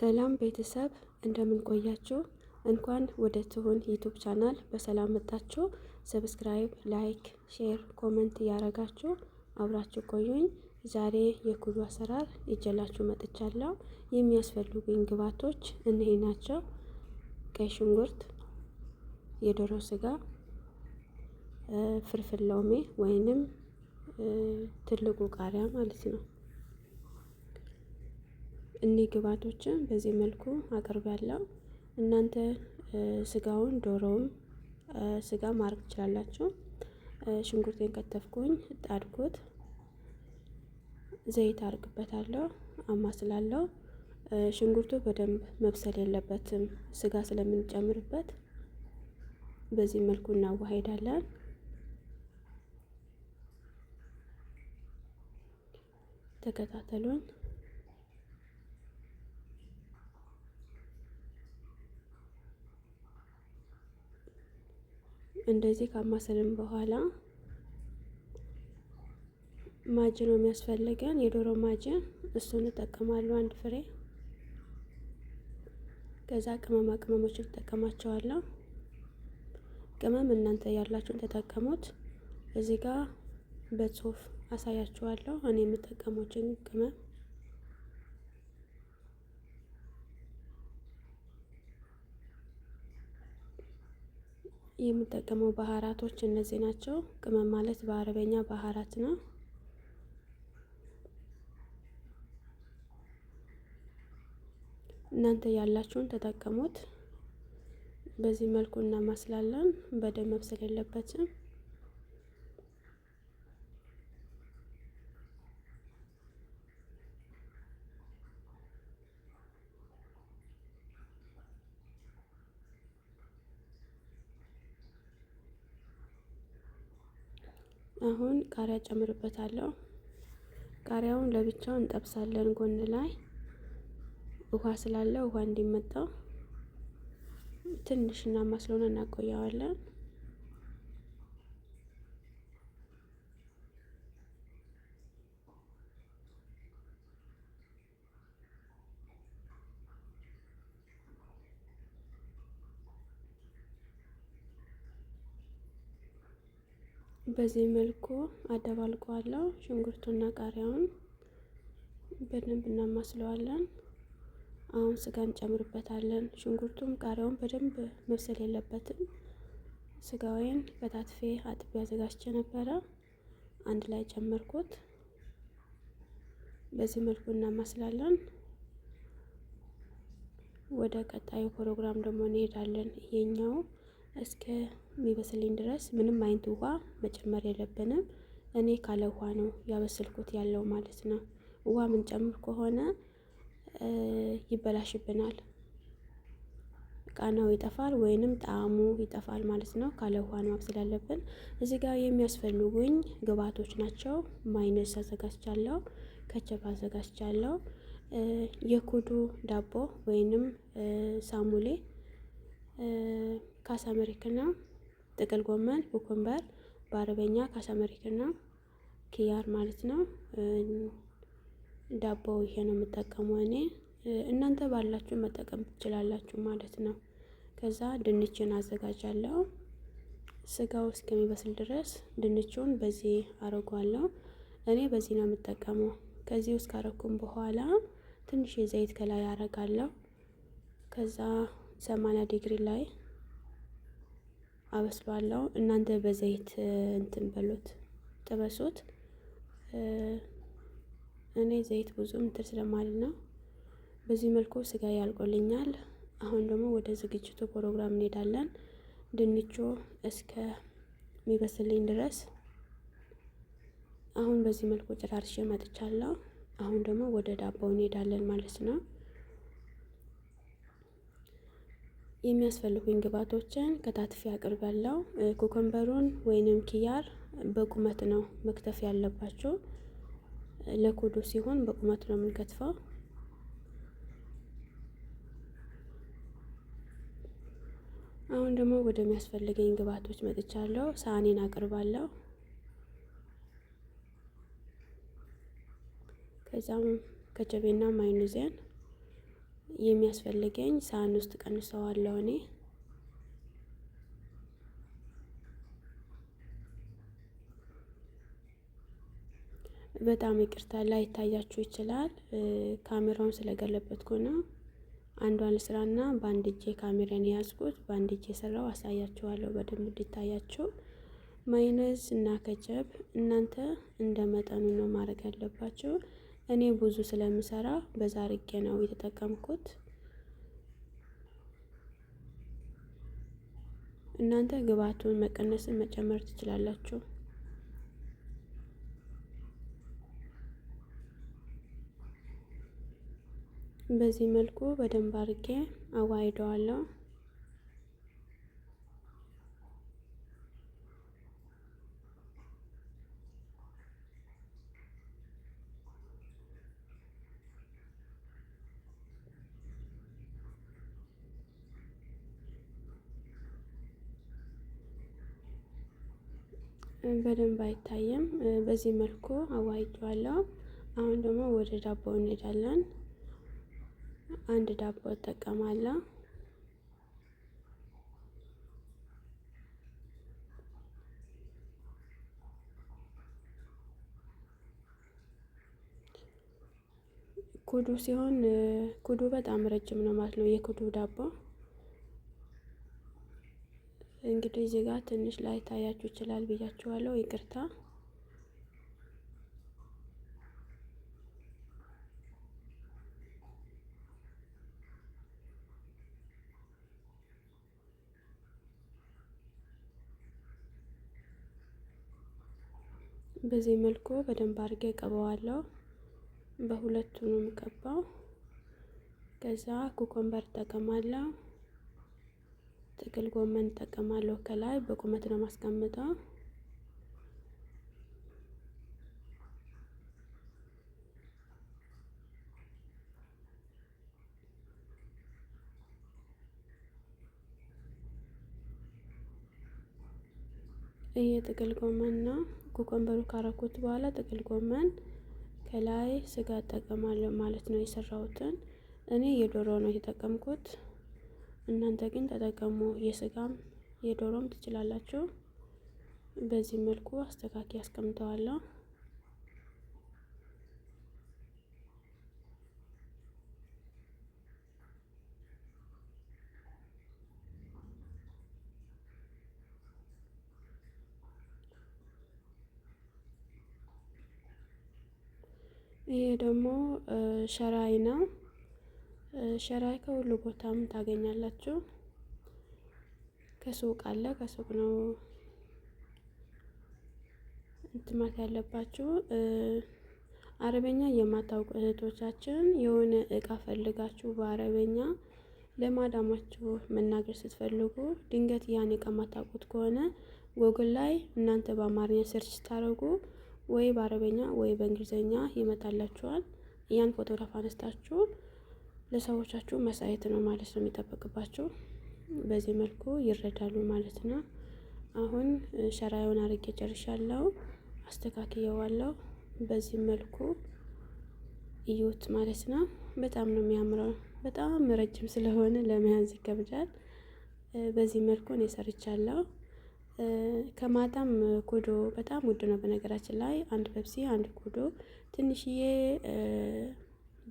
ሰላም ቤተሰብ እንደምን ቆያችሁ? እንኳን ወደ ትሁን ዩቱብ ቻናል በሰላም መጣችሁ። ሰብስክራይብ፣ ላይክ፣ ሼር፣ ኮመንት እያረጋችሁ አብራችሁ ቆዩኝ። ዛሬ የኩሉ አሰራር ይጀላችሁ መጥቻለሁ። የሚያስፈልጉኝ ግብዓቶች እነዚህ ናቸው። ቀይ ሽንኩርት፣ የዶሮ ስጋ፣ ፍርፍር ሎሚ ወይንም ትልቁ ቃሪያ ማለት ነው እኒህ ግብአቶችን በዚህ መልኩ ያለው እናንተ ስጋውን ዶሮውም ስጋ ማድረግ ትችላላችሁ። ሽንኩርቴን ከተፍኩኝ ጣድኩት፣ ዘይት አርግበታለሁ፣ አማስላለሁ። ሽንኩርቱ በደንብ መብሰል የለበትም ስጋ ስለምንጨምርበት በዚህ መልኩ እናዋሄዳለን። ተከታተሉን። እንደዚህ ካማሰልን በኋላ ማጅ ነው የሚያስፈልገን፣ የዶሮ ማጅ። እሱን እንጠቀማለሁ አንድ ፍሬ። ከዛ ቅመማ ቅመሞችን እጠቀማቸዋለሁ። ቅመም እናንተ ያላችሁን ተጠቀሙት። እዚህ ጋር በጽሁፍ አሳያችኋለሁ እኔ የምጠቀመው ቅመም የምጠቀመው ባህራቶች እነዚህ ናቸው። ቅመም ማለት በአረበኛ ባህራት ነው። እናንተ ያላችሁን ተጠቀሙት። በዚህ መልኩ እናማስላለን። በደንብ መብሰል የለበትም። አሁን ቃሪያ ጨምርበታለሁ። ቃሪያውን ለብቻው እንጠብሳለን። ጎን ላይ ውሃ ስላለ ውሃ እንዲመጣው ትንሽ እና እናቆያዋለን። እናቆየዋለን። በዚህ መልኩ አደባልቀዋለሁ። ሽንኩርቱና ቃሪያውን በደንብ እናማስለዋለን። አሁን ስጋ እንጨምርበታለን። ሽንኩርቱም ቃሪያውን በደንብ መብሰል የለበትም። ስጋዌን በታትፌ አጥቤ አዘጋጅቼ ነበረ፣ አንድ ላይ ጨመርኩት። በዚህ መልኩ እናማስላለን። ወደ ቀጣዩ ፕሮግራም ደግሞ እንሄዳለን። ይሄኛው እስከሚበስልኝ ድረስ ምንም አይነት ውሃ መጨመር የለብንም። እኔ ካለ ውሃ ነው ያበስልኩት ያለው ማለት ነው። ውሃ ጨምር ከሆነ ይበላሽብናል፣ ቃናው ይጠፋል ወይንም ጣዕሙ ይጠፋል ማለት ነው። ካለ ውሃ ነው ማብሰል ያለብን። እዚህ ጋር የሚያስፈልጉኝ ግብአቶች ናቸው። ማይነስ አዘጋጅቻለሁ፣ ከቸብ አዘጋጅቻለሁ፣ የኩዱ ዳቦ ወይንም ሳሙሌ ካሳ አሜሪካና ጥቅል ጎመን፣ ኩኩምበር በአረበኛ ካሳ አሜሪካና ኪያር ማለት ነው። ዳቦ ይሄ ነው የምጠቀመው እኔ። እናንተ ባላችሁ መጠቀም ትችላላችሁ ማለት ነው። ከዛ ድንችን አዘጋጃለሁ። ስጋው እስከሚበስል ድረስ ድንቹን በዚህ አረጓለሁ። እኔ በዚህ ነው የምጠቀመው። ከዚህ ውስጥ ካረኩም በኋላ ትንሽ የዘይት ከላይ አረጋለሁ። ከዛ ሰማንያ ዲግሪ ላይ አበስሏለሁ። እናንተ በዘይት እንትን በሉት ጥበሱት። እኔ ዘይት ብዙም እንትን ስለማልና በዚህ መልኩ ስጋ ያልቆልኛል። አሁን ደግሞ ወደ ዝግጅቱ ፕሮግራም እንሄዳለን። ድንቹ እስከ ሚበስልኝ ድረስ አሁን በዚህ መልኩ ጨራርሼ መጥቻለሁ። አሁን ደግሞ ወደ ዳቦ እንሄዳለን ማለት ነው። የሚያስፈልጉኝ ግብአቶችን ከታትፊ አቅርብ ያለው ኮከንበሩን ወይንም ኪያር በቁመት ነው መክተፍ ያለባቸው። ለኮዶ ሲሆን በቁመት ነው የምንከትፈው። አሁን ደግሞ ወደሚያስፈልገኝ ግብአቶች መጥቻለሁ። ሳህኔን አቅርባለሁ። ከዛም ከጨቤና ማይኑዚያን የሚያስፈልገኝ ሳህን ውስጥ ቀንሰዋለሁ እኔ በጣም ይቅርታ ላይታያችሁ ይችላል። ካሜራውን ስለገለበትኩ ነው። አንዷን ስራና በአንድ እጄ ካሜራን የያዝኩት በአንድ እጄ ስራው አሳያችኋለሁ በደንብ እንዲታያችሁ። ማይነዝ እና ከጀብ እናንተ እንደ መጠኑ ነው ማድረግ ያለባችሁ። እኔ ብዙ ስለምሰራ በዛ አድርጌ ነው የተጠቀምኩት። እናንተ ግብአቱን መቀነስን መጨመር ትችላላችሁ። በዚህ መልኩ በደንብ አድርጌ አዋህደዋለሁ። በደንብ አይታይም በዚህ መልኩ አዋይቼዋለሁ። አሁን ደግሞ ወደ ዳቦ እንሄዳለን። አንድ ዳቦ እጠቀማለሁ። ኩዱ ሲሆን ኩዱ በጣም ረጅም ነው ማለት ነው የኩዱ ዳቦ እንግዲህ እዚህ ጋር ትንሽ ላይ ታያችሁ ይችላል ብያችኋለሁ፣ ይቅርታ። በዚህ መልኩ በደንብ አድርጌ ቀበዋለሁ በሁለቱንም ቀባው። ከዛ ኩኮምበር ጠቀማለሁ። ጥቅል ጎመን እጠቀማለሁ። ከላይ በቁመት ነው ማስቀምጠው። ይህ ጥቅል ጎመን ነው። ኮኮምበሩ ካረኩት በኋላ ጥቅል ጎመን ከላይ ስጋ እጠቀማለሁ ማለት ነው። የሰራሁትን እኔ የዶሮ ነው የተጠቀምኩት። እናንተ ግን ተጠቀሙ። የስጋም የዶሮም ትችላላችሁ። በዚህ መልኩ አስተካኪ አስቀምጠዋለሁ። ይሄ ደግሞ ሸራይ ነው። ሸራይ ከሁሉ ቦታም ታገኛላችሁ። ከሱቅ አለ፣ ከሱቅ ነው እንትማት ያለባችሁ። አረበኛ የማታውቁ እህቶቻችን የሆነ እቃ ፈልጋችሁ በአረበኛ ለማዳማችሁ መናገር ስትፈልጉ ድንገት ያን እቃ ማታውቁት ከሆነ ጎግል ላይ እናንተ በአማርኛ ሰርች ስታደርጉ ወይ በአረበኛ ወይ በእንግሊዝኛ ይመጣላችኋል። ያን ፎቶግራፍ አነስታችሁ ለሰዎቻችሁ መሳየት ነው ማለት ነው የሚጠበቅባቸው። በዚህ መልኩ ይረዳሉ ማለት ነው። አሁን ሸራዩን አርጌ ጨርሻለሁ፣ አስተካክየዋለሁ። በዚህ መልኩ እዩት ማለት ነው። በጣም ነው የሚያምረው። በጣም ረጅም ስለሆነ ለመያዝ ይከብዳል። በዚህ መልኩ እኔ ሰርቻለሁ። ከማጣም ኮዶ በጣም ውድ ነው በነገራችን ላይ አንድ ፔፕሲ አንድ ኮዶ ትንሽዬ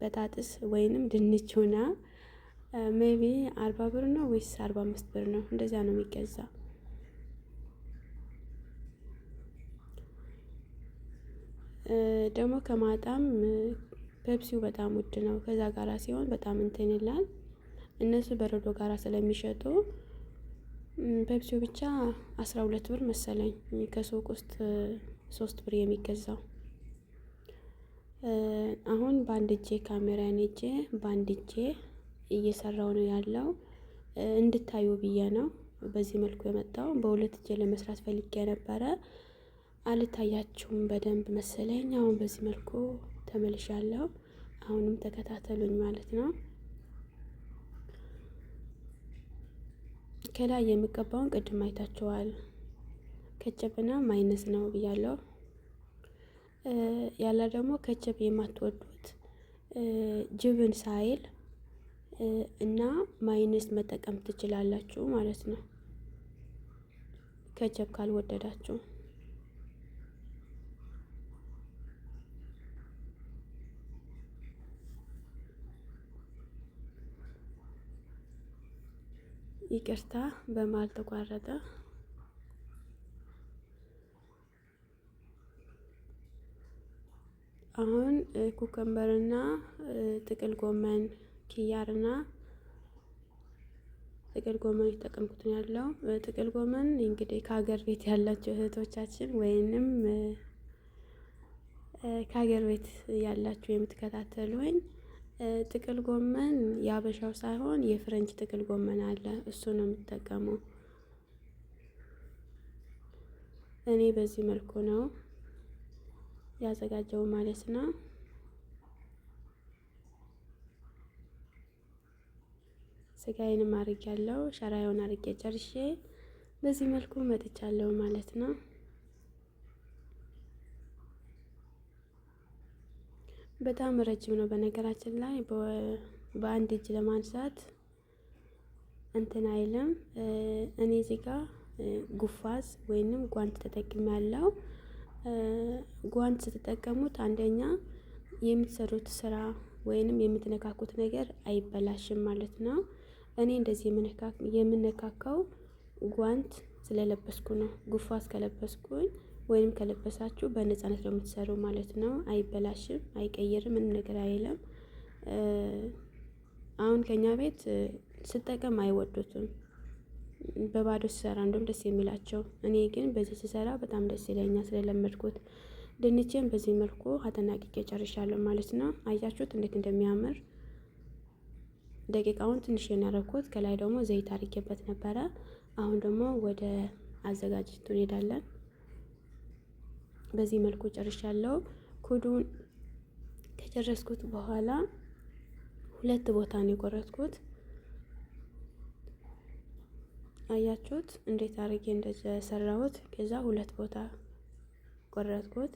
በጣጥስ ወይንም ድንች ሆና ሜቢ አርባ ብር ነው ወይስ አርባ አምስት ብር ነው? እንደዚያ ነው የሚገዛ። ደግሞ ከማጣም ፔፕሲው በጣም ውድ ነው። ከዛ ጋራ ሲሆን በጣም እንትን ይላል። እነሱ በረዶ ጋራ ስለሚሸጡ ፔፕሲው ብቻ አስራ ሁለት ብር መሰለኝ ከሱቅ ውስጥ ሶስት ብር የሚገዛው አሁን በአንድ እጄ ካሜራን እጄ በአንድ እጄ እየሰራው ነው ያለው እንድታዩ ብዬ ነው በዚህ መልኩ የመጣው። በሁለት እጄ ለመስራት ፈልጌ ነበረ አልታያችሁም በደንብ መሰለኝ። አሁን በዚህ መልኩ ተመልሻለሁ። አሁንም ተከታተሉኝ ማለት ነው። ከላይ የሚቀባውን ቅድም አይታችኋል። ከጨብና ማይነስ ነው ብያለሁ። ያለ ደግሞ ከቸብ የማትወዱት ጅብን ሳይል እና ማይነስ መጠቀም ትችላላችሁ ማለት ነው። ከቸብ ካልወደዳችሁ ይቅርታ በማል ተቋረጠ። አሁን ኩከምበርና ጥቅል ጎመን ኪያርና ጥቅል ጎመን የተጠቀምኩት ነው ያለው። ጥቅል ጎመን እንግዲህ ከሀገር ቤት ያላቸው እህቶቻችን ወይንም ከሀገር ቤት ያላችሁ የምትከታተሉኝ ጥቅል ጎመን የአበሻው ሳይሆን የፍረንች ጥቅል ጎመን አለ። እሱ ነው የምጠቀመው። እኔ በዚህ መልኩ ነው ያዘጋጀው ማለት ነው። ስጋዬንም አርግ ያለው ሸራውን አርጌ ጨርሼ በዚህ መልኩ መጥቻለሁ ማለት ነው። በጣም ረጅም ነው። በነገራችን ላይ በአንድ እጅ ለማንሳት እንትን አይልም። እኔ እዚህ ጉፋዝ ወይንም ጓንት ተጠቅሜ ያለው ጓንት ስትጠቀሙት አንደኛ የምትሰሩት ስራ ወይንም የምትነካኩት ነገር አይበላሽም ማለት ነው። እኔ እንደዚህ የምነካካው ጓንት ስለለበስኩ ነው። ጉፋስ ከለበስኩኝ ወይም ከለበሳችሁ በነፃነት ነው የምትሰሩ ማለት ነው። አይበላሽም፣ አይቀይርም፣ ምንም ነገር አይለም። አሁን ከኛ ቤት ስጠቀም አይወዱትም። በባዶ ስሰራ እንደም ደስ የሚላቸው እኔ ግን በዚህ ስሰራ በጣም ደስ ይለኛል ስለለመድኩት። ድንቼን በዚህ መልኩ አጠናቅቄ ጨርሻለሁ ማለት ነው። አያችሁት እንዴት እንደሚያምር ደቂቃውን ትንሽ ያረኩት ከላይ ደግሞ ዘይት አድርጌበት ነበረ። አሁን ደግሞ ወደ አዘጋጅቱ እንሄዳለን። በዚህ መልኩ ጨርሻለሁ። ኩዱን ከጨረስኩት በኋላ ሁለት ቦታ ነው የቆረጥኩት። አያችሁት እንዴት አድርጌ እንደሰራሁት። ከዛ ሁለት ቦታ ቆረጥኩት።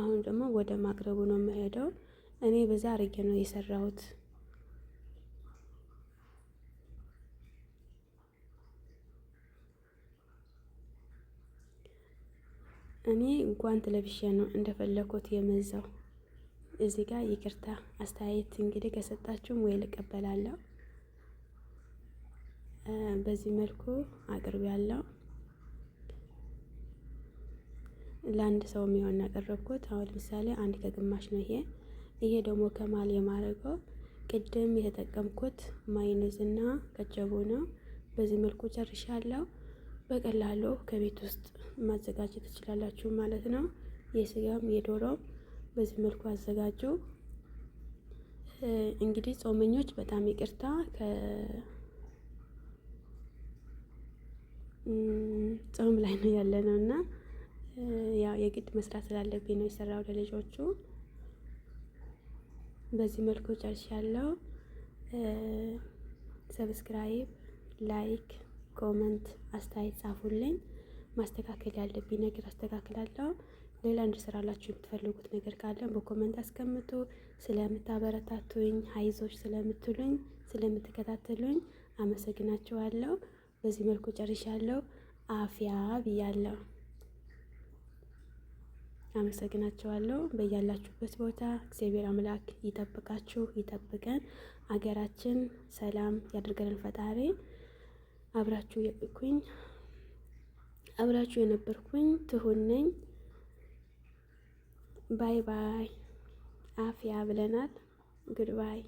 አሁን ደግሞ ወደ ማቅረቡ ነው የምሄደው። እኔ በዛ አድርጌ ነው የሰራሁት። እኔ ጓንት ለብሼ ነው እንደፈለኩት የመዛው። እዚህ ጋር ይቅርታ አስተያየት እንግዲህ ከሰጣችሁም ወይ ልቀበላለሁ። በዚህ መልኩ አቅርብ ያለው ለአንድ ሰው የሚሆን ያቀረብኩት። አሁን ለምሳሌ አንድ ከግማሽ ነው ይሄ። ይሄ ደግሞ ከማል የማረገው ቅድም የተጠቀምኩት ማይነዝ እና ከጀቦ ነው። በዚህ መልኩ ጨርሻለሁ። በቀላሉ ከቤት ውስጥ ማዘጋጀት ትችላላችሁ ማለት ነው። የስጋም የዶሮም በዚህ መልኩ አዘጋጁ። እንግዲህ ጾመኞች በጣም ይቅርታ ጾም ላይ ነው ያለ ነው እና ያው የግድ መስራት ስላለብኝ ነው የሰራው ለልጆቹ። በዚህ መልኩ ጨርሻለሁ። ሰብስክራይብ፣ ላይክ፣ ኮመንት አስተያየት ጻፉልኝ። ማስተካከል ያለብኝ ነገር አስተካክላለሁ። ሌላ እንድሰራላችሁ የምትፈልጉት ነገር ካለ በኮመንት አስቀምጡ። ስለምታበረታቱኝ፣ ሀይዞች ስለምትሉኝ፣ ስለምትከታተሉኝ አመሰግናችኋለሁ። በዚህ መልኩ ጨርሻለሁ። አፍያ ብያለሁ። አመሰግናቸዋለሁ። በያላችሁበት ቦታ እግዚአብሔር አምላክ ይጠብቃችሁ፣ ይጠብቀን። አገራችን ሰላም ያደርገልን ፈጣሪ። አብራችሁ የቁኝ አብራችሁ የነበርኩኝ ትሁን ነኝ። ባይ ባይ። አፍያ ብለናል። ጉድባይ።